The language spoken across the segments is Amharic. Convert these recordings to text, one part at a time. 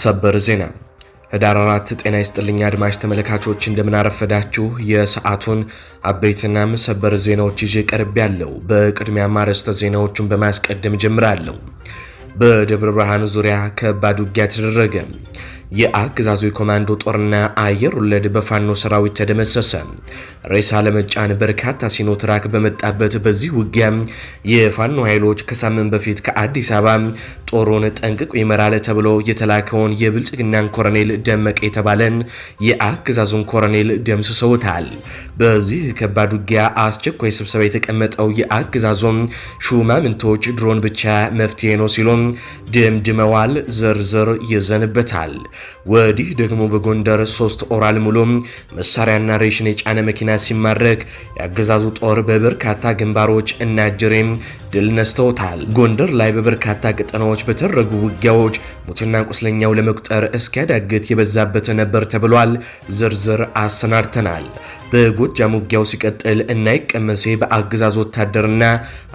ሰበር ዜና ህዳር 4 ጤና ይስጥልኝ አድማጭ ተመልካቾች፣ እንደምናረፈዳችሁ የሰዓቱን አበይትና ሰበር ዜናዎች ይዤ ቀርብ ያለው። በቅድሚያ ማረስተ ዜናዎቹን በማስቀደም ጀምራለሁ። በደብረ ብርሃን ዙሪያ ከባድ ውጊያ ተደረገ። የአገዛዙ የኮማንዶ ጦርና አየር ወለድ በፋኖ ሰራዊት ተደመሰሰ። ሬሳ ለመጫን በርካታ ሲኖትራክ በመጣበት በዚህ ውጊያ የፋኖ ኃይሎች ከሳምንት በፊት ከአዲስ አበባ ጦሩን ጠንቅቆ ይመራል ተብሎ የተላከውን የብልጽግናን ኮረኔል ደመቀ የተባለን የአገዛዙን ኮረኔል ደምስሰውታል። በዚህ ከባድ ውጊያ አስቸኳይ ስብሰባ የተቀመጠው የአገዛዙም ሹማምንቶች ድሮን ብቻ መፍትሄ ነው ሲሉም ድምድመዋል። ዝርዝር ይዘንበታል። ወዲህ ደግሞ በጎንደር ሶስት ኦራል ሙሉ መሳሪያና ሬሽን የጫነ መኪና ሲማረክ የአገዛዙ ጦር በበርካታ ግንባሮች እና ጅሬም ድል ነስተውታል። ጎንደር ላይ በበርካታ ቀጠናዎች በተደረጉ ውጊያዎች ሙትና ቁስለኛው ለመቁጠር እስኪያዳግት የበዛበት ነበር ተብሏል። ዝርዝር አሰናድተናል። በጎጃም ውጊያው ሲቀጥል እና ይቀመሴ በአገዛዝ ወታደርና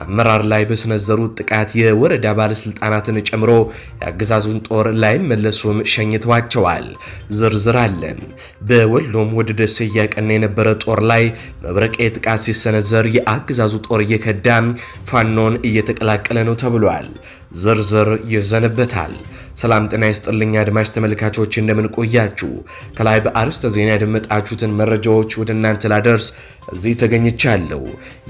አመራር ላይ በሰነዘሩት ጥቃት የወረዳ ባለስልጣናትን ጨምሮ የአገዛዙን ጦር ላይመለሱም ሸኝተዋል። አስወጥቷቸዋል። ዝርዝር አለን። በወሎም ወደ ደሴ እያቀና የነበረ ጦር ላይ መብረቅ ጥቃት ሲሰነዘር የአገዛዙ ጦር እየከዳ ፋኖን እየተቀላቀለ ነው ተብሏል። ዝርዝር ይዘንበታል። ሰላም ጤና ይስጥልኝ አድማጭ ተመልካቾች እንደምን ቆያችሁ? ከላይ በአርስተ ዜና ያደመጣችሁትን መረጃዎች ወደ እናንተ ላደርስ እዚህ ተገኝቻለሁ።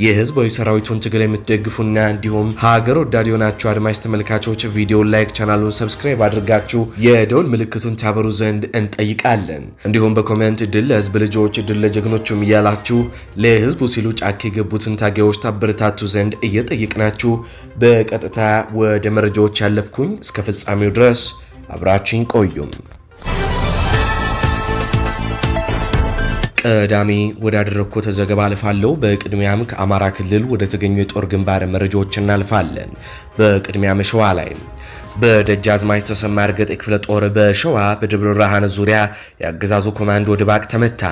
የህዝባዊ ሰራዊቱን ትግል የምትደግፉና እንዲሁም ሀገር ወዳድ የሆናችሁ አድማጭ ተመልካቾች ቪዲዮን ላይክ፣ ቻናሉን ሰብስክራይብ አድርጋችሁ የደውል ምልክቱን ታበሩ ዘንድ እንጠይቃለን። እንዲሁም በኮሜንት ድል ለህዝብ ልጆች፣ ድል ለጀግኖቹም እያላችሁ ለህዝቡ ሲሉ ጫካ የገቡትን ታጋዮች ታበረታቱ ዘንድ እየጠየቅናችሁ በቀጥታ ወደ መረጃዎች ያለፍኩኝ እስከ ፍጻሜው ድረስ አብራችሁኝ ቆዩም። ቀዳሚ ወዳደረግኩት ዘገባ አልፋለሁ። በቅድሚያም ከአማራ ክልል ወደ ተገኙ የጦር ግንባር መረጃዎች እናልፋለን። በቅድሚያም ሸዋ ላይ በደጃዝማች ተሰማ እርገጥ ክፍለ ጦር በሸዋ በደብረ ብርሃን ዙሪያ የአገዛዙ ኮማንዶ ድባቅ ተመታ።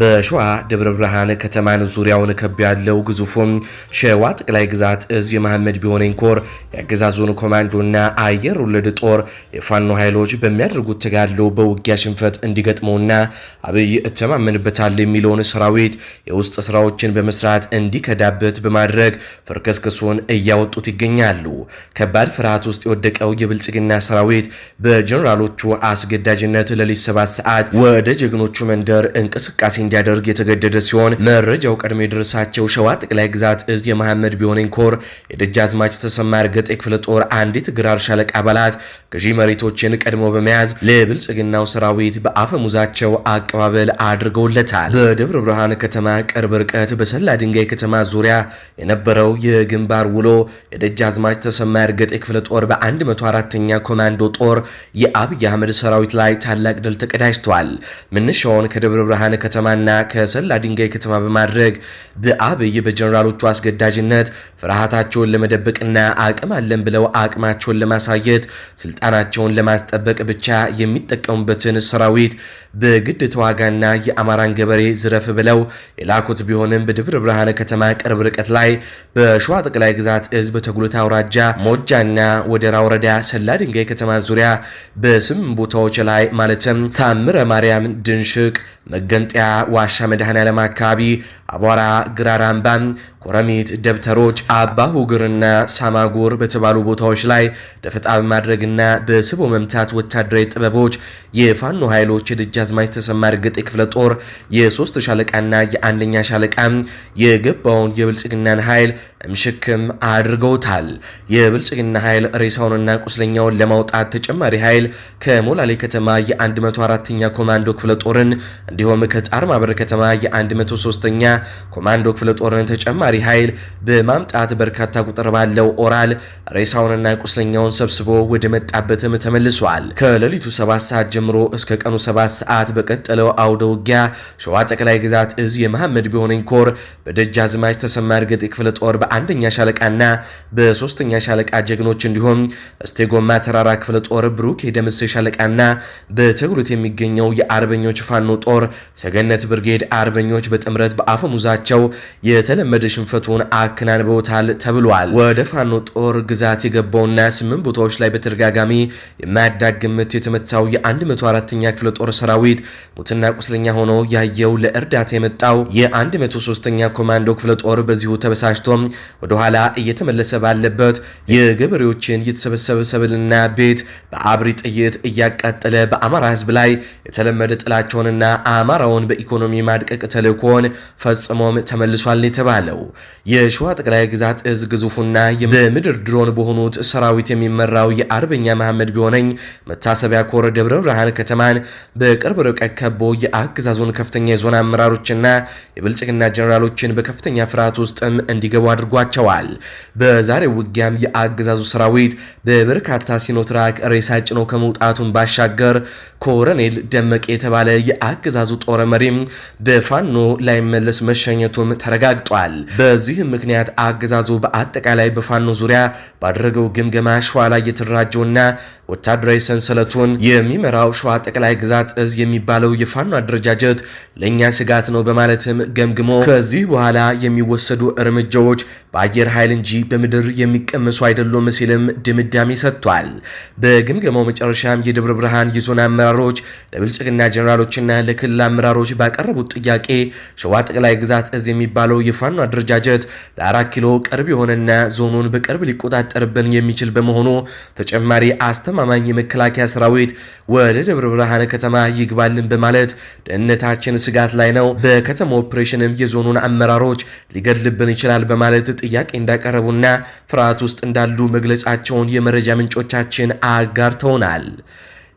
በሸዋ ደብረ ብርሃን ከተማን ዙሪያውን ከብ ያለው ግዙፉም ሸዋ ጠቅላይ ግዛት እዝ የመሐመድ ቢሆነኝ ኮር የአገዛዙን ኮማንዶና አየር ወለድ ጦር የፋኖ ኃይሎች በሚያደርጉት ተጋድሎ በውጊያ ሽንፈት እንዲገጥመውና አብይ እተማመንበታል የሚለውን ሰራዊት የውስጥ ስራዎችን በመስራት እንዲከዳበት በማድረግ ፍርከስክሱን እያወጡት ይገኛሉ። ከባድ ፍርሃት ውስጥ የወደቀው የብልጽግና ሰራዊት በጀኔራሎቹ አስገዳጅነት ለሊት ሰባት ሰዓት ወደ ጀግኖቹ መንደር እንቅስቃሴ እንዲያደርግ የተገደደ ሲሆን መረጃው ቀድሞ የደረሳቸው ሸዋ ጠቅላይ ግዛት እዝ የመሐመድ ቢሆነኝ ኮር የደጃዝማች ተሰማ እርገጤ ክፍለ ጦር አንዲት ግራር ሻለቃ አባላት ገዢ መሬቶችን ቀድሞ በመያዝ ለብልጽግናው ሰራዊት በአፈሙዛቸው አቀባበል አድርገውለታል። በደብረ ብርሃን ከተማ ቅርብ ርቀት በሰላ ድንጋይ ከተማ ዙሪያ የነበረው የግንባር ውሎ የደጃዝማች ተሰማ እርገጤ ክፍለ ጦር በ104ኛ ኮማንዶ ጦር የአብይ አህመድ ሰራዊት ላይ ታላቅ ድል ተቀዳጅቷል። ምንሻውን ከደብረ ብርሃን ከተማ ከተማና ከሰላ ድንጋይ ከተማ በማድረግ በአብይ በጀኔራሎቹ አስገዳጅነት ፍርሃታቸውን ለመደበቅና አቅም አለን ብለው አቅማቸውን ለማሳየት ስልጣናቸውን ለማስጠበቅ ብቻ የሚጠቀሙበትን ሰራዊት በግድ ተዋጋና የአማራን ገበሬ ዝረፍ ብለው የላኩት ቢሆንም በደብረ ብርሃነ ከተማ ቅርብ ርቀት ላይ በሸዋ ጠቅላይ ግዛት እዝ በተጉልታ አውራጃ ሞጃና ወደራ ወረዳ ሰላ ድንጋይ ከተማ ዙሪያ በስም ቦታዎች ላይ ማለትም ታምረ ማርያም፣ ድንሽቅ መገንጠያ ዋሻ መድኃኔ ዓለም አካባቢ አቧራ ግራራምባ ወረሚት ደብተሮች፣ አባ ሁግርና ሳማጎር በተባሉ ቦታዎች ላይ ደፈጣ በማድረግና በስቦ መምታት ወታደራዊ ጥበቦች የፋኖ ኃይሎች የደጃዝማች ተሰማ እርግጥ ክፍለ ጦር የሶስት ሻለቃና የአንደኛ ሻለቃ የገባውን የብልጽግናን ኃይል ምሽክም አድርገውታል። የብልጽግና ኃይል ሬሳውንና ቁስለኛውን ለማውጣት ተጨማሪ ኃይል ከሞላሌ ከተማ የ104ኛ ኮማንዶ ክፍለ ጦርን እንዲሁም ከጣርማበር ከተማ የ103ኛ ኮማንዶ ክፍለ ጦርን ተጨማሪ ተጨማሪ ኃይል በማምጣት በርካታ ቁጥር ባለው ኦራል ሬሳውንና ቁስለኛውን ሰብስቦ ወደ መጣበትም ተመልሷል። ከሌሊቱ 7 ሰዓት ጀምሮ እስከ ቀኑ 7 ሰዓት በቀጠለው አውደ ውጊያ ሸዋ ጠቅላይ ግዛት እዝ የመሐመድ ቢሆነኝ ኮር በደጃዝማች ተሰማ እርግጥ ክፍለ ጦር በአንደኛ ሻለቃና በሶስተኛ ሻለቃ ጀግኖች እንዲሁም እስቴጎማ ተራራ ክፍለ ጦር ብሩክ የደምስ ሻለቃና በትግሉት የሚገኘው የአርበኞች ፋኖ ጦር ሰገነት ብርጌድ አርበኞች በጥምረት በአፈሙዛቸው የተለመደ ሽ ሽንፈቱን አከናንበውታል ተብሏል። ወደ ፋኖ ጦር ግዛት የገባውና ስምንት ቦታዎች ላይ በተደጋጋሚ የማያዳግ ግምት የተመታው የ104ኛ ክፍለ ጦር ሰራዊት ሙትና ቁስለኛ ሆኖ ያየው ለእርዳታ የመጣው የ103ኛ ኮማንዶ ክፍለ ጦር በዚሁ ተበሳሽቶ ወደኋላ እየተመለሰ ባለበት የገበሬዎችን የተሰበሰበ ሰብልና ቤት በአብሪ ጥይት እያቃጠለ በአማራ ህዝብ ላይ የተለመደ ጥላቸውንና አማራውን በኢኮኖሚ ማድቀቅ ተልእኮን ፈጽሞም ተመልሷል የተባለው የሸዋ ጠቅላይ ግዛት እዝ ግዙፉና በምድር ድሮን በሆኑት ሰራዊት የሚመራው የአርበኛ መሐመድ ቢሆነኝ መታሰቢያ ኮር ደብረ ብርሃን ከተማን በቅርብ ርቀት ከቦ የአገዛዙን ከፍተኛ የዞን አመራሮችና የብልጽግና ጀኔራሎችን በከፍተኛ ፍርሃት ውስጥም እንዲገቡ አድርጓቸዋል። በዛሬው ውጊያም የአገዛዙ ሰራዊት በበርካታ ሲኖትራክ ሬሳ ጭኖ ከመውጣቱን ባሻገር ኮረኔል ደመቅ የተባለ የአገዛዙ ጦር መሪም በፋኖ ላይመለስ መሸኘቱም ተረጋግጧል። በዚህም ምክንያት አገዛዙ በአጠቃላይ በፋኖ ዙሪያ ባደረገው ግምገማ ሸዋ ላይ የተደራጀውና ወታደራዊ ሰንሰለቱን የሚመራው ሸዋ ጠቅላይ ግዛት እዝ የሚባለው የፋኖ አደረጃጀት ለእኛ ስጋት ነው በማለትም ገምግሞ ከዚህ በኋላ የሚወሰዱ እርምጃዎች በአየር ኃይል እንጂ በምድር የሚቀመሱ አይደሉም ሲልም ድምዳሜ ሰጥቷል። በግምገማው መጨረሻም የደብረ ብርሃን የዞን አመራሮች ለብልጽግና ጀኔራሎችና ለክልል አመራሮች ባቀረቡት ጥያቄ ሸዋ ጠቅላይ ግዛት እዝ የሚባለው የፋኖ አደረጃጀት አደረጃጀት ለአራት ኪሎ ቅርብ የሆነና ዞኑን በቅርብ ሊቆጣጠርብን የሚችል በመሆኑ ተጨማሪ አስተማማኝ የመከላከያ ሰራዊት ወደ ደብረ ብርሃን ከተማ ይግባልን በማለት ደህንነታችን ስጋት ላይ ነው፣ በከተማ ኦፕሬሽንም የዞኑን አመራሮች ሊገድልብን ይችላል በማለት ጥያቄ እንዳቀረቡና ፍርሃት ውስጥ እንዳሉ መግለጫቸውን የመረጃ ምንጮቻችን አጋርተውናል።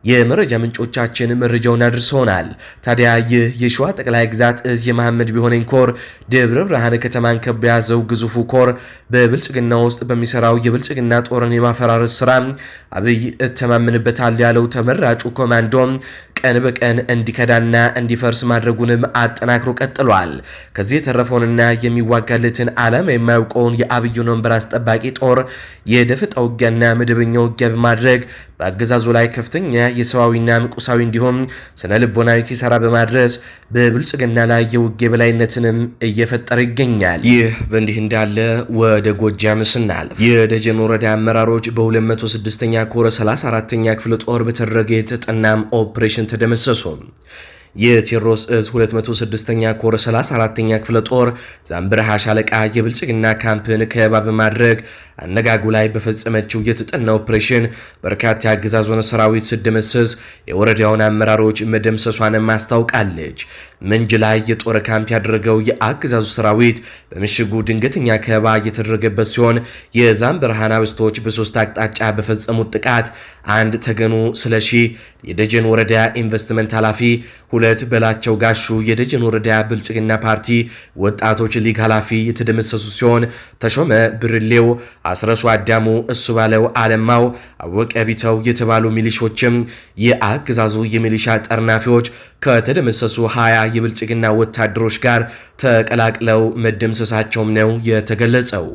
የመረጃ ምንጮቻችን መረጃውን አድርሶናል። ታዲያ ይህ የሸዋ ጠቅላይ ግዛት እዝ የመሐመድ ቢሆነኝ ኮር ደብረ ብርሃን ከተማን ከቦ የያዘው ግዙፉ ኮር በብልጽግና ውስጥ በሚሰራው የብልጽግና ጦርን የማፈራረስ ስራ አብይ እተማምንበታል ያለው ተመራጩ ኮማንዶ ቀን በቀን እንዲከዳና እንዲፈርስ ማድረጉንም አጠናክሮ ቀጥሏል። ከዚህ የተረፈውንና የሚዋጋለትን ዓላማ የማያውቀውን የአብይን ወንበር አስጠባቂ ጦር የደፈጣ ውጊያና መደበኛ ውጊያ በማድረግ በአገዛዙ ላይ ከፍተኛ የሰብአዊና ቁሳዊ እንዲሁም ስነ ልቦናዊ ኪሳራ በማድረስ በብልጽግና ላይ የውጌ በላይነትንም እየፈጠረ ይገኛል። ይህ በእንዲህ እንዳለ ወደ ጎጃም ስናልፍ የደጀን ወረዳ አመራሮች በ206ኛ ኮረ 34ኛ ክፍለ ጦር በተደረገ የተጠናም ኦፕሬሽን ተደመሰሱ። የቴዎድሮስ እዝ 206ኛ ኮር 34ኛ ክፍለ ጦር ዛምብረሃ ሻለቃ የብልጽግና ካምፕን ከበባ በማድረግ አነጋጉ ላይ በፈጸመችው የተጠና ኦፕሬሽን በርካታ የአገዛዙን ሰራዊት ስደመሰስ የወረዳውን አመራሮች መደምሰሷንም አስታውቃለች። ምንጅ ላይ የጦር ካምፕ ያደረገው የአገዛዙ ሰራዊት በምሽጉ ድንገተኛ ከበባ እየተደረገበት ሲሆን የዛም ብርሃን አብስቶች በሶስት አቅጣጫ በፈጸሙት ጥቃት አንድ ተገኑ ስለሺ የደጀን ወረዳ ኢንቨስትመንት ኃላፊ፣ ሁለት በላቸው ጋሹ የደጀን ወረዳ ብልጽግና ፓርቲ ወጣቶች ሊግ ኃላፊ የተደመሰሱ ሲሆን ተሾመ ብርሌው አስረሱ አዳሙ፣ እሱ ባለው፣ አለማው አወቀ፣ ቢተው የተባሉ ሚሊሾችም የአገዛዙ የሚሊሻ ጠርናፊዎች ከተደመሰሱ 20 የብልጽግና ወታደሮች ጋር ተቀላቅለው መደምሰሳቸውም ነው የተገለጸው።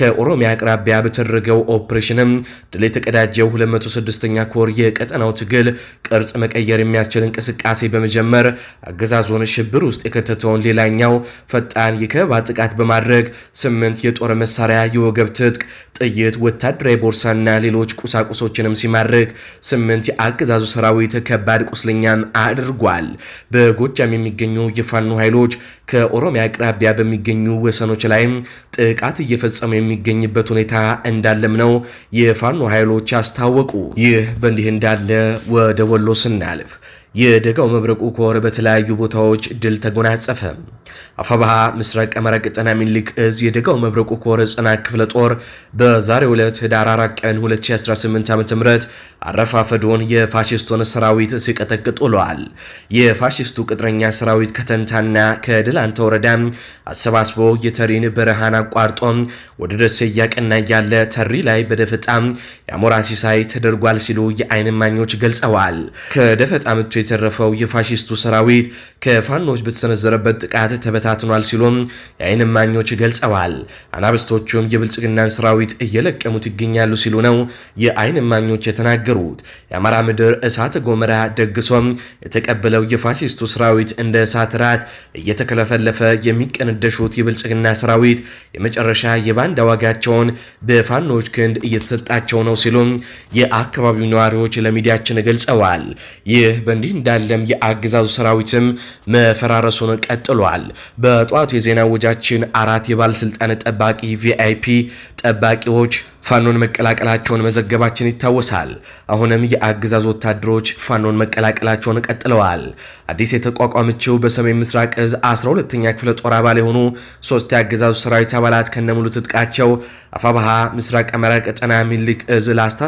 ከኦሮሚያ አቅራቢያ በተደረገው ኦፕሬሽንም ድል የተቀዳጀው 206ኛ ኮር የቀጠናው ትግል ቅርጽ መቀየር የሚያስችል እንቅስቃሴ በመጀመር አገዛዙን ሽብር ውስጥ የከተተውን ሌላኛው ፈጣን የከበባ ጥቃት በማድረግ ስምንት የጦር መሳሪያ የወገብ ትጥቅ ጥይት፣ ወታደራዊ ቦርሳና ሌሎች ቁሳቁሶችንም ሲማርክ ስምንት የአገዛዙ ሰራዊት ከባድ ቁስለኛም አድርጓል። በጎጃም የሚገኙ የፋኖ ኃይሎች ከኦሮሚያ አቅራቢያ በሚገኙ ወሰኖች ላይም ጥቃት እየፈጸሙ የሚገኝበት ሁኔታ እንዳለም ነው የፋኖ ኃይሎች አስታወቁ። ይህ በእንዲህ እንዳለ ወደ ወሎ ስናልፍ የደጋው መብረቁ ኮር በተለያዩ ቦታዎች ድል ተጎናጸፈ። አፋባሃ ምስራቅ አማራ ጠና ሚኒሊክ እዝ የደጋው መብረቁ ኮር ጽና ክፍለ ጦር በዛሬው ዕለት ህዳር 4 ቀን 2018 ዓ.ም አረፋፈዶን የፋሽስቱን ሰራዊት ሲቀጠቅጥ ውለዋል። የፋሽስቱ ቅጥረኛ ሰራዊት ከተንታና ከድላንታ ወረዳ አሰባስቦ የተሪን በረሃን አቋርጦ ወደ ደሴ እያቀና ያለ ተሪ ላይ በደፈጣ የአሞራ ሲሳይ ተደርጓል ሲሉ የአይን እማኞች ገልጸዋል። ከደፈጣ ምቱ የተረፈው የፋሺስቱ ሰራዊት ከፋኖች በተሰነዘረበት ጥቃት ተበታትኗል ሲሉም የአይን እማኞች ገልጸዋል። አናብስቶቹም የብልጽግናን ሰራዊት እየለቀሙት ይገኛሉ ሲሉ ነው የአይን እማኞች የተናገሩት። የአማራ ምድር እሳተ ጎመራ ደግሶም የተቀበለው የፋሽስቱ ሰራዊት እንደ እሳት ራት እየተከለፈለፈ የሚቀነደሹት የብልጽግና ሰራዊት የመጨረሻ የባንዳ ዋጋቸውን በፋኖች ክንድ እየተሰጣቸው ነው ሲሉም የአካባቢው ነዋሪዎች ለሚዲያችን ገልጸዋል። ይህ በእንዲህ እንዳለም የአገዛዙ ሰራዊትም መፈራረሱን ቀጥሏል። በጠዋቱ የዜና ወጃችን አራት የባለስልጣን ጠባቂ ቪአይፒ ጠባቂዎች ፋኖን መቀላቀላቸውን መዘገባችን ይታወሳል። አሁንም የአገዛዝ ወታደሮች ፋኖን መቀላቀላቸውን ቀጥለዋል። አዲስ የተቋቋመችው በሰሜን ምስራቅ እዝ 12ኛ ክፍለ ጦር አባል የሆኑ ሶስት የአገዛዙ ሰራዊት አባላት ከነሙሉ ትጥቃቸው አፋባሃ ምስራቅ አማራ ቀጠና ሚልክ እዝ ላስታ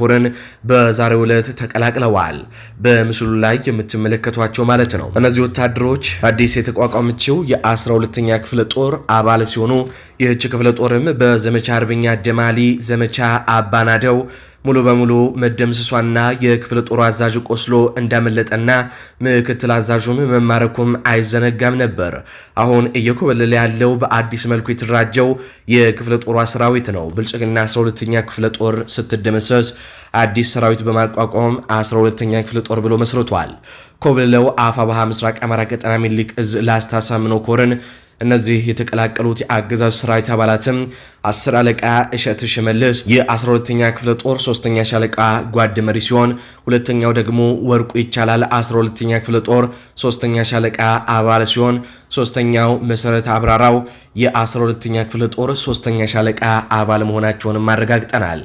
ኮርን በዛሬው ዕለት ተቀላቅለዋል። በምስሉ ላይ የምትመለከቷቸው ማለት ነው። እነዚህ ወታደሮች አዲስ የተቋቋመችው የ12ኛ ክፍለ ጦር አባል ሲሆኑ ይህች ክፍለ ጦርም በዘመቻ አርበኛ ደማሊ፣ ዘመቻ አባናደው ሙሉ በሙሉ መደምሰሷና የክፍለ ጦሩ አዛዥ ቆስሎ እንዳመለጠና ምክትል አዛዡም መማረኩም አይዘነጋም ነበር። አሁን እየኮበለለ ያለው በአዲስ መልኩ የተደራጀው የክፍለ ጦሯ ሰራዊት ነው። ብልጽግና 12ኛ ክፍለ ጦር ስትደመሰስ አዲስ ሰራዊት በማቋቋም 12ኛ ክፍለ ጦር ብሎ መስርቷል። ኮብልለው ባሃ ምስራቅ አማራ ቀጠና ሚኒሊክ እዝ ላስታ ኮርን እነዚህ የተቀላቀሉት የአገዛዙ ሰራዊት አባላትም አስር አለቃ እሸት ሽመልስ የ12ኛ ክፍለ ጦር ሶስተኛ ሻለቃ ጓድ መሪ ሲሆን ሁለተኛው ደግሞ ወርቁ ይቻላል 12ኛ ክፍለ ጦር ሶስተኛ ሻለቃ አባል ሲሆን ሶስተኛው መሰረት አብራራው የ12ኛ ክፍለ ጦር ሶስተኛ ሻለቃ አባል መሆናቸውንም አረጋግጠናል።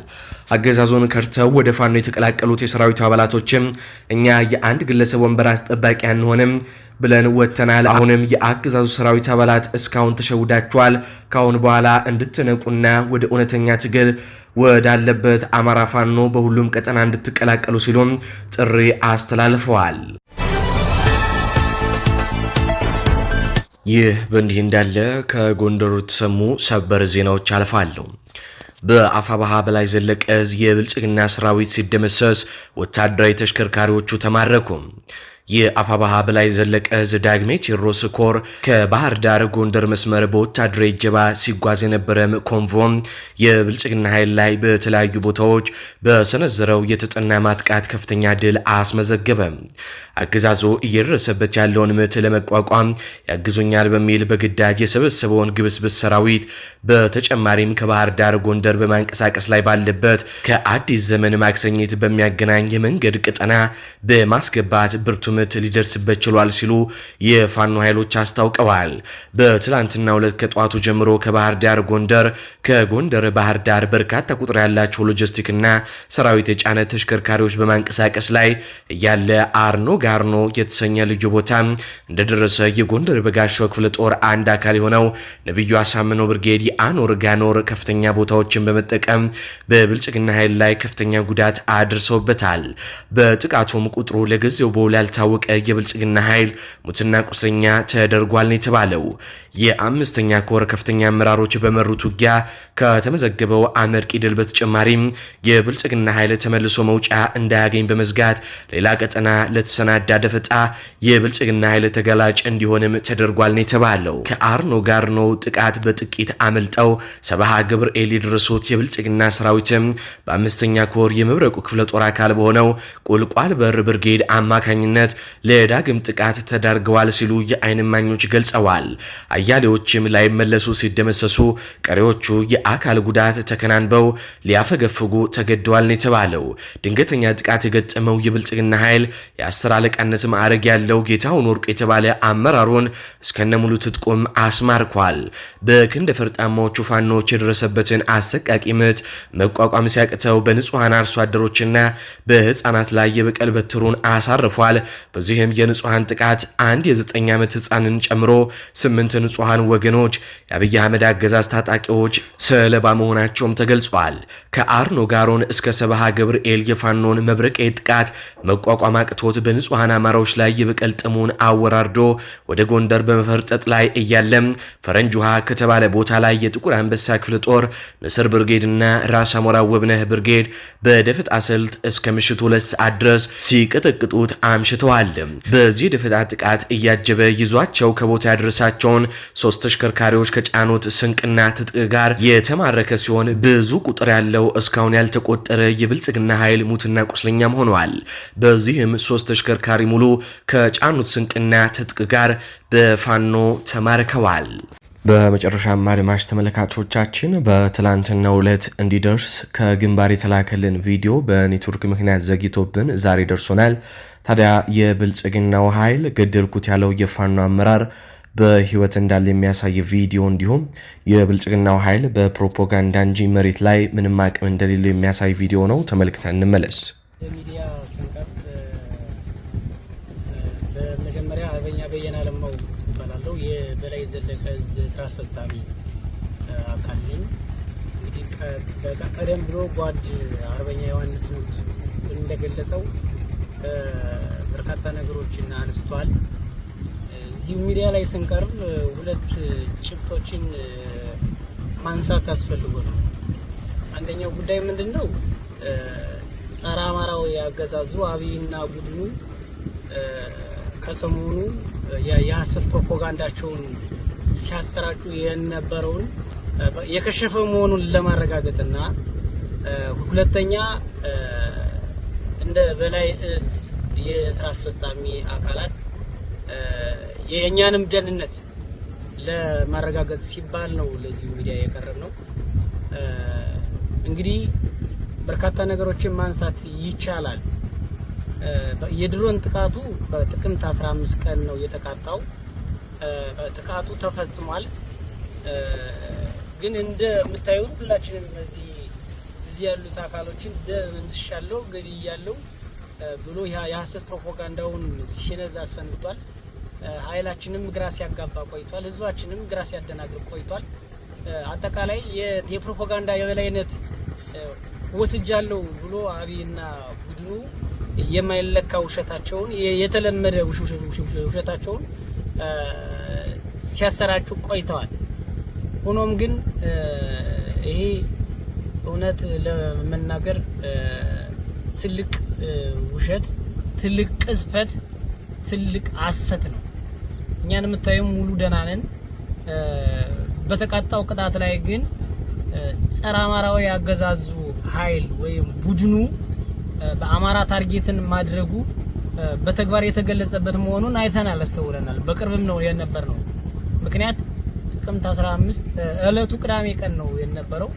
አገዛዞን ከርተው ወደ ፋኖ የተቀላቀሉት የሰራዊቱ አባላቶችም እኛ የአንድ ግለሰብ ወንበር አስጠባቂ አንሆንም ብለን ወጥተናል። አሁንም የአገዛዙ ሰራዊት አባላት እስካሁን ተሸውዳችኋል። ካሁን በኋላ እንድትነቁ እንዲያውቁና ወደ እውነተኛ ትግል ወዳለበት አማራ ፋኖ በሁሉም ቀጠና እንድትቀላቀሉ ሲሉም ጥሪ አስተላልፈዋል። ይህ በእንዲህ እንዳለ ከጎንደሩ የተሰሙ ሰበር ዜናዎች አልፋለሁ በአፋባሃ በላይ ዘለቀ የብልጽግና ሰራዊት ሲደመሰስ ወታደራዊ ተሽከርካሪዎቹ ተማረኩ። የአፋባሃ በላይ ዘለቀ እዝ ዳግሜ ቴዎድሮስ ኮር ከባህር ዳር ጎንደር መስመር በወታደራዊ እጀባ ሲጓዝ የነበረም ኮንቮም የብልጽግና ኃይል ላይ በተለያዩ ቦታዎች በሰነዘረው የተጠና ማጥቃት ከፍተኛ ድል አስመዘገበ። አገዛዙ እየደረሰበት ያለውን ምት ለመቋቋም ያግዙኛል በሚል በግዳጅ የሰበሰበውን ግብስብስ ሰራዊት በተጨማሪም ከባህር ዳር ጎንደር በማንቀሳቀስ ላይ ባለበት ከአዲስ ዘመን ማክሰኝት በሚያገናኝ የመንገድ ቅጠና በማስገባት ብርቱ ምት ሊደርስበት ችሏል ሲሉ የፋኖ ኃይሎች አስታውቀዋል። በትላንትና ሁለት ከጠዋቱ ጀምሮ ከባህር ዳር ጎንደር፣ ከጎንደር ባህር ዳር በርካታ ቁጥር ያላቸው ሎጂስቲክና ሰራዊት የጫነ ተሽከርካሪዎች በማንቀሳቀስ ላይ እያለ አርኖ ጋርኖ የተሰኘ ልዩ ቦታ እንደደረሰ የጎንደር በጋሻው ክፍለ ጦር አንድ አካል የሆነው ነብዩ አሳምነው ብርጌድ የአኖር ጋኖር ከፍተኛ ቦታዎችን በመጠቀም በብልጽግና ኃይል ላይ ከፍተኛ ጉዳት አድርሰውበታል። በጥቃቱም ቁጥሩ ለጊዜው በውል ያልታወቀ የብልጽግና ኃይል ሙትና ቁስለኛ ተደርጓል ነው የተባለው። የአምስተኛ ኮር ከፍተኛ አመራሮች በመሩት ውጊያ ከተመዘገበው አመርቂ ድል በተጨማሪም የብልጽግና ኃይል ተመልሶ መውጫ እንዳያገኝ በመዝጋት ሌላ ቀጠና ለተሰና የተሰናዳ ደፈጣ የብልጽግና ኃይል ተገላጭ እንዲሆንም ተደርጓል ነው የተባለው። ከአርኖ ነው ጥቃት በጥቂት አመልጠው ሰብሃ ገብርኤል የደረሱት የብልጽግና ሰራዊትም በአምስተኛ ኮር የመብረቁ ክፍለ ጦር አካል በሆነው ቁልቋል በር ብርጌድ አማካኝነት ለዳግም ጥቃት ተዳርገዋል ሲሉ የአይን ማኞች ገልጸዋል። አያሌዎችም ላይመለሱ ሲደመሰሱ፣ ቀሪዎቹ የአካል ጉዳት ተከናንበው ሊያፈገፍጉ ተገደዋል ነው የተባለው። ድንገተኛ ጥቃት የገጠመው የብልጽግና ኃይል የአስር አለቃነት ማዕረግ ያለው ጌታሁን ወርቁ የተባለ አመራሩን እስከነሙሉ ትጥቁም አስማርኳል። በክንደ ፈርጣማዎቹ ፋኖዎች የደረሰበትን አሰቃቂ ምት መቋቋም ሲያቅተው በንጹሐን አርሶ አደሮችና በህፃናት ላይ የበቀል በትሩን አሳርፏል። በዚህም የንጹሐን ጥቃት አንድ የዘጠኝ ዓመት ህፃንን ጨምሮ ስምንት ንጹሐን ወገኖች የአብይ አህመድ አገዛዝ ታጣቂዎች ሰለባ መሆናቸውም ተገልጿል። ከአርኖ ጋሮን እስከ ሰብሃ ገብርኤል የፋኖን መብረቅ ጥቃት መቋቋም አቅቶት በንጹ ንጹሐን አማራዎች ላይ የበቀል ጥሙን አወራርዶ ወደ ጎንደር በመፈርጠጥ ላይ እያለም ፈረንጅ ውሃ ከተባለ ቦታ ላይ የጥቁር አንበሳ ክፍለ ጦር ንስር ብርጌድና ራስ አሞራ ወብነህ ብርጌድ በደፈጣ ስልት እስከ ምሽቱ ሁለት ሰዓት ድረስ ሲቀጠቅጡት አምሽተዋል። በዚህ ደፈጣ ጥቃት እያጀበ ይዟቸው ከቦታ ያደረሳቸውን ሶስት ተሽከርካሪዎች ከጫኑት ስንቅና ትጥቅ ጋር የተማረከ ሲሆን ብዙ ቁጥር ያለው እስካሁን ያልተቆጠረ የብልጽግና ኃይል ሙትና ቁስለኛም ሆኗል። በዚህም ሶስት ተሽከርካሪ ተሽከርካሪ ሙሉ ከጫኑት ስንቅና ትጥቅ ጋር በፋኖ ተማርከዋል። በመጨረሻም አድማጭ ተመልካቾቻችን በትላንትናው ዕለት እንዲደርስ ከግንባር የተላከልን ቪዲዮ በኔትወርክ ምክንያት ዘግቶብን ዛሬ ደርሶናል። ታዲያ የብልጽግናው ኃይል ገደልኩት ያለው የፋኖ አመራር በህይወት እንዳለ የሚያሳይ ቪዲዮ እንዲሁም የብልጽግናው ኃይል በፕሮፓጋንዳ እንጂ መሬት ላይ ምንም አቅም እንደሌለው የሚያሳይ ቪዲዮ ነው። ተመልክተን እንመለስ። ዘለቀ ስራ አስፈጻሚ አካል ነኝ። እንግዲህ ቀደም ብሎ ጓድ አርበኛ ዮሐንስ እንደገለጸው በርካታ ነገሮችን አንስቷል። እዚሁ ሚዲያ ላይ ስንቀርብ ሁለት ጭብጦችን ማንሳት አስፈልጎ ነው። አንደኛው ጉዳይ ምንድን ነው? ጸረ አማራው ያገዛዙ አብይና ቡድኑ ከሰሞኑ የአስር ፕሮፓጋንዳቸውን ሲያሰራጩ የነበረውን የከሸፈ መሆኑን ለማረጋገጥና ሁለተኛ እንደ በላይ እዝ የስራ አስፈጻሚ አካላት የእኛንም ደህንነት ለማረጋገጥ ሲባል ነው ለዚሁ ሚዲያ የቀረብ ነው። እንግዲህ በርካታ ነገሮችን ማንሳት ይቻላል። የድሮን ጥቃቱ በጥቅምት 15 ቀን ነው የተቃጣው። ጥቃቱ ተፈጽሟል። ግን እንደምታዩን ሁላችንም እዚህ እዚህ ያሉት አካሎችን ደምስሻለሁ፣ እያለው ብሎ የሀሰት ፕሮፓጋንዳውን ሲነዛ ሰንብቷል። ኃይላችንም ግራ ሲያጋባ ቆይቷል። ህዝባችንም ግራ ሲያደናግር ቆይቷል። አጠቃላይ የፕሮፓጋንዳ የበላይነት ወስጃለሁ ብሎ አብይና ቡድኑ የማይለካ ውሸታቸውን የተለመደ ውሸታቸውን ሲያሰራጩ ቆይተዋል። ሆኖም ግን ይሄ እውነት ለመናገር ትልቅ ውሸት፣ ትልቅ ቅዝፈት፣ ትልቅ አሰት ነው። እኛን የምታየው ሙሉ ደህና ነን። በተቃጣው ቅጣት ላይ ግን ጸረ አማራዊ ያገዛዙ ኃይል ወይም ቡድኑ በአማራ ታርጌትን ማድረጉ በተግባር የተገለጸበት መሆኑን አይተናል፣ አስተውለናል። በቅርብም ነው የነበር ነው። ምክንያት ጥቅምት 15 እለቱ ቅዳሜ ቀን ነው የነበረው።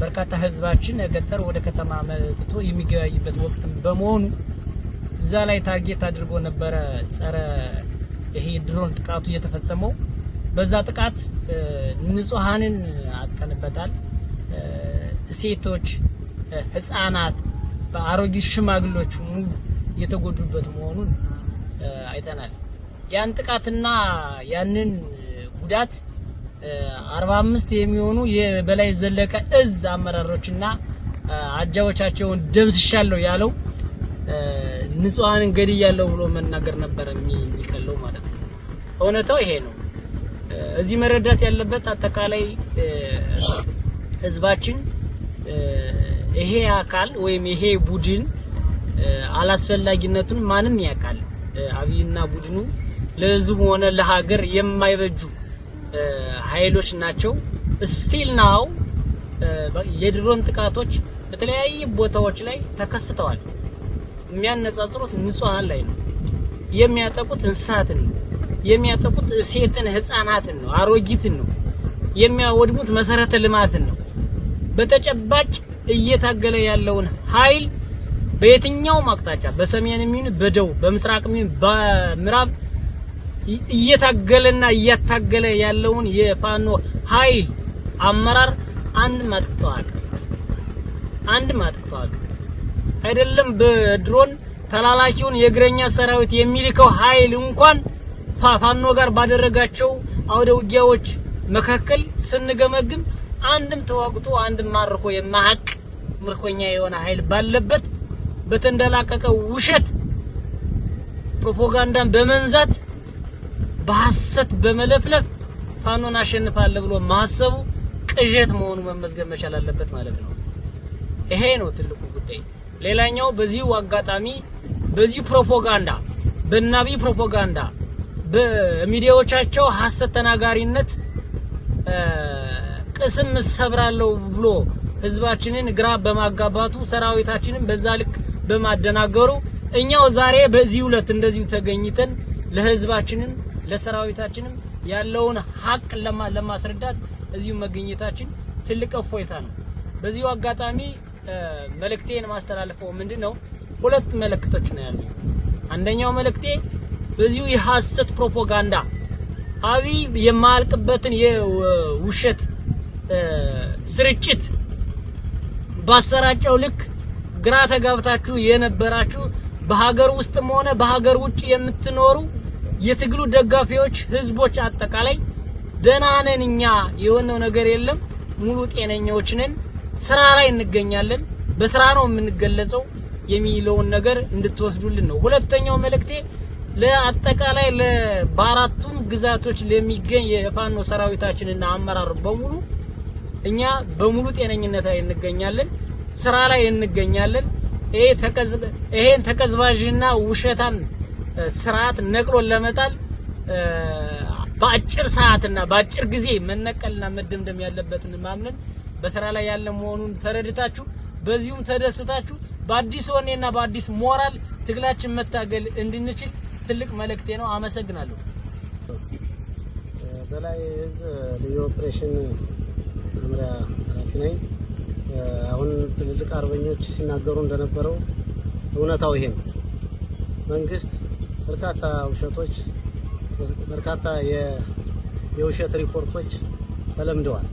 በርካታ ህዝባችን ገጠር ወደ ከተማ መጥቶ የሚገባይበት ወቅት በመሆኑ እዛ ላይ ታርጌት አድርጎ ነበረ ጸረ ይሄ ድሮን ጥቃቱ እየተፈጸመው። በዛ ጥቃት ንጹሃንን አጠንበታል። ሴቶች፣ ህፃናት፣ በአሮጊት ሽማግሎች የተጎዱበት መሆኑን አይተናል። ያን ጥቃትና ያንን ጉዳት 45 የሚሆኑ የበላይ ዘለቀ እዝ አመራሮችና አጃቦቻቸውን ደምስሻለሁ ያለው ንጹሃንን ያለው ብሎ መናገር ነበር የሚቀለው ማለት ነው። እውነታው ይሄ ነው። እዚህ መረዳት ያለበት አጠቃላይ ህዝባችን ይሄ አካል ወይም ይሄ ቡድን አላስፈላጊነቱን ማንም ያውቃል። አብይና ቡድኑ ለህዝቡ ሆነ ለሀገር የማይበጁ ኃይሎች ናቸው። ስቲል ናው የድሮን ጥቃቶች በተለያዩ ቦታዎች ላይ ተከስተዋል። የሚያነጻጽሩት ንጹሃን ላይ ነው። የሚያጠቁት እንስሳትን ነው። የሚያጠቁት ሴትን፣ ህፃናትን ነው፣ አሮጊትን ነው። የሚያወድሙት መሰረተ ልማትን ነው። በተጨባጭ እየታገለ ያለውን ኃይል በየትኛውም አቅጣጫ በሰሜን የሚሆን በደቡብ በምስራቅም የሚሆን በምዕራብ እየታገለና እያታገለ ያለውን የፋኖ ኃይል አመራር አንድ አጥቅቶ አያውቅም። አንድ አጥቅቶ አያውቅም። አይደለም በድሮን ተላላኪውን የእግረኛ ሰራዊት የሚልከው ኃይል እንኳን ፋኖ ጋር ባደረጋቸው አውደ ውጊያዎች መካከል ስንገመግም አንድም ተዋግቶ አንድም ማርኮ የማያውቅ ምርኮኛ የሆነ ኃይል ባለበት በተንደላቀቀ ውሸት ፕሮፓጋንዳን በመንዛት በሐሰት በመለፍለፍ ፋኖን አሸንፋለ ብሎ ማሰቡ ቅዠት መሆኑ መመዝገብ መቻል አለበት ማለት ነው። ይሄ ነው ትልቁ ጉዳይ። ሌላኛው በዚሁ አጋጣሚ በዚህ ፕሮፓጋንዳ በናቢ ፕሮፓጋንዳ በሚዲያዎቻቸው ሐሰት ተናጋሪነት ቅስም ሰብራለው ብሎ ህዝባችንን ግራ በማጋባቱ ሰራዊታችንን በዛ ልክ በማደናገሩ እኛው ዛሬ በዚህ ዕለት እንደዚሁ ተገኝተን ለህዝባችንም ለሰራዊታችንም ያለውን ሀቅ ለማስረዳት እዚሁ መገኘታችን ትልቅ እፎይታ ነው። በዚሁ አጋጣሚ መልእክቴን ማስተላለፈው ምንድን ነው? ሁለት መልእክቶች ነው ያሉኝ። አንደኛው መልእክቴ በዚሁ የሐሰት ፕሮፓጋንዳ አብይ የማያልቅበትን የውሸት ስርጭት ባሰራጨው ልክ ግራ ተጋብታችሁ የነበራችሁ በሀገር ውስጥም ሆነ በሀገር ውጭ የምትኖሩ የትግሉ ደጋፊዎች፣ ህዝቦች አጠቃላይ ደህና ነን እኛ የሆነው ነገር የለም ሙሉ ጤነኛዎች ነን፣ ስራ ላይ እንገኛለን፣ በስራ ነው የምንገለጸው የሚለውን ነገር እንድትወስዱልን ነው። ሁለተኛው መልእክቴ ለአጠቃላይ በአራቱም ግዛቶች ለሚገኝ የፋኖ ሰራዊታችንና አመራር በሙሉ እኛ በሙሉ ጤነኝነት ላይ እንገኛለን። ስራ ላይ እንገኛለን። ይሄን ተቀዝባዥና ውሸታም ስርዓት ነቅሎን ለመጣል በአጭር ሰዓትና በአጭር ጊዜ መነቀልና መደምደም ያለበትን ማምነን በስራ ላይ ያለ መሆኑን ተረድታችሁ በዚሁም ተደስታችሁ በአዲስ ወኔና በአዲስ ሞራል ትግላችን መታገል እንድንችል ትልቅ መልእክቴ ነው። አመሰግናለሁ። በላይ እዝ ልዩ ኦፕሬሽን መምሪያ ኃላፊ ነኝ። አሁን ትልልቅ አርበኞች ሲናገሩ እንደነበረው እውነታው ይሄ ነው። መንግስት በርካታ ውሸቶች፣ በርካታ የውሸት ሪፖርቶች ተለምደዋል።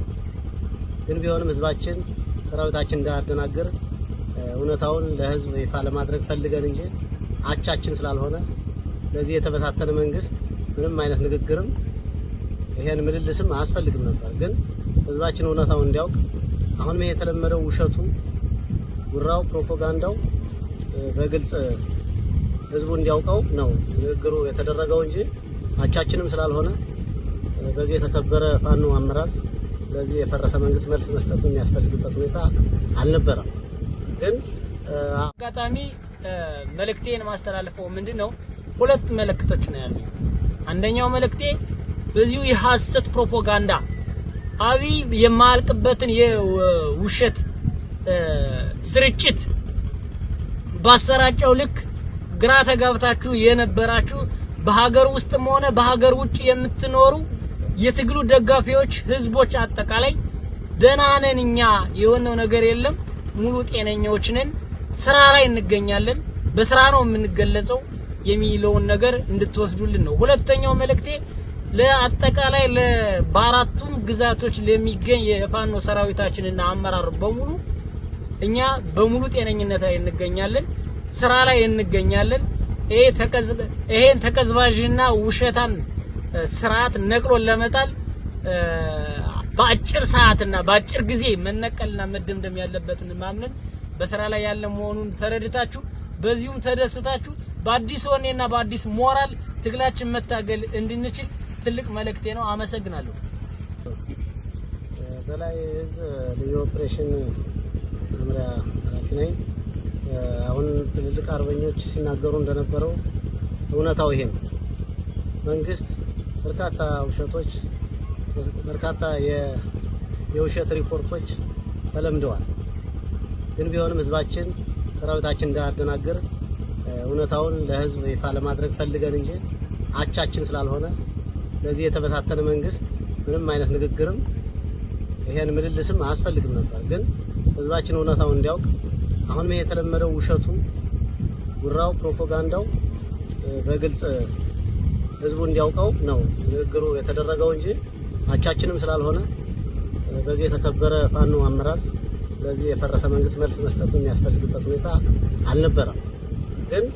ግን ቢሆንም ህዝባችን ሰራዊታችን እንዳያደናግር እውነታውን ለህዝብ ይፋ ለማድረግ ፈልገን እንጂ አቻችን ስላልሆነ ለዚህ የተበታተነ መንግስት ምንም አይነት ንግግርም ይሄን ምልልስም አያስፈልግም ነበር። ግን ህዝባችን እውነታውን እንዲያውቅ አሁንም የተለመደው ውሸቱ፣ ጉራው፣ ፕሮፓጋንዳው በግልጽ ህዝቡ እንዲያውቀው ነው ንግግሩ የተደረገው እንጂ አቻችንም ስላልሆነ በዚህ የተከበረ ፋኖ አመራር ለዚህ የፈረሰ መንግስት መልስ መስጠት የሚያስፈልግበት ሁኔታ አልነበረም። ግን አጋጣሚ መልእክቴን ማስተላለፈው ምንድን ነው? ሁለት መልእክቶች ነው ያለኝ። አንደኛው መልእክቴ በዚሁ የሐሰት ፕሮፓጋንዳ አብይ የማያልቅበትን የውሸት ስርጭት ባሰራጨው ልክ ግራ ተጋብታችሁ የነበራችሁ በሀገር ውስጥም ሆነ በሀገር ውጭ የምትኖሩ የትግሉ ደጋፊዎች፣ ህዝቦች አጠቃላይ ደህና ነን እኛ የሆነው ነገር የለም ሙሉ ጤነኞች ነን፣ ስራ ላይ እንገኛለን፣ በስራ ነው የምንገለጸው የሚለውን ነገር እንድትወስዱልን ነው። ሁለተኛው መልእክቴ ለአጠቃላይ በአራቱም ግዛቶች ለሚገኝ የፋኖ ሰራዊታችንና አመራር በሙሉ እኛ በሙሉ ጤነኝነት ላይ እንገኛለን፣ ስራ ላይ እንገኛለን። ይሄን ተቀዝባዥና ውሸታም ስርዓት ነቅሎን ለመጣል በአጭር ሰዓትና በአጭር ጊዜ መነቀልና መደምደም ያለበትን ማምነን በስራ ላይ ያለ መሆኑን ተረድታችሁ በዚሁም ተደስታችሁ በአዲስ ወኔና በአዲስ ሞራል ትግላችን መታገል እንድንችል ትልቅ መልእክቴ ነው። አመሰግናለሁ። በላይ እዝ ልዩ ኦፕሬሽን መምሪያ ኃላፊ ነኝ። አሁን ትልልቅ አርበኞች ሲናገሩ እንደነበረው እውነታው ይሄ ነው። መንግስት በርካታ ውሸቶች፣ በርካታ የውሸት ሪፖርቶች ተለምደዋል። ግን ቢሆንም ህዝባችን ሰራዊታችን እንዳያደናግር እውነታውን ለህዝብ ይፋ ለማድረግ ፈልገን እንጂ አቻችን ስላልሆነ ለዚህ የተበታተነ መንግስት ምንም አይነት ንግግርም ይሄን ምልልስም አያስፈልግም ነበር። ግን ህዝባችን እውነታው እንዲያውቅ አሁንም ይሄ የተለመደው ውሸቱ፣ ጉራው፣ ፕሮፓጋንዳው በግልጽ ህዝቡ እንዲያውቀው ነው ንግግሩ የተደረገው እንጂ አቻችንም ስላልሆነ በዚህ የተከበረ ፋኖ አመራር ለዚህ የፈረሰ መንግስት መልስ መስጠት የሚያስፈልግበት ሁኔታ አልነበረም ግን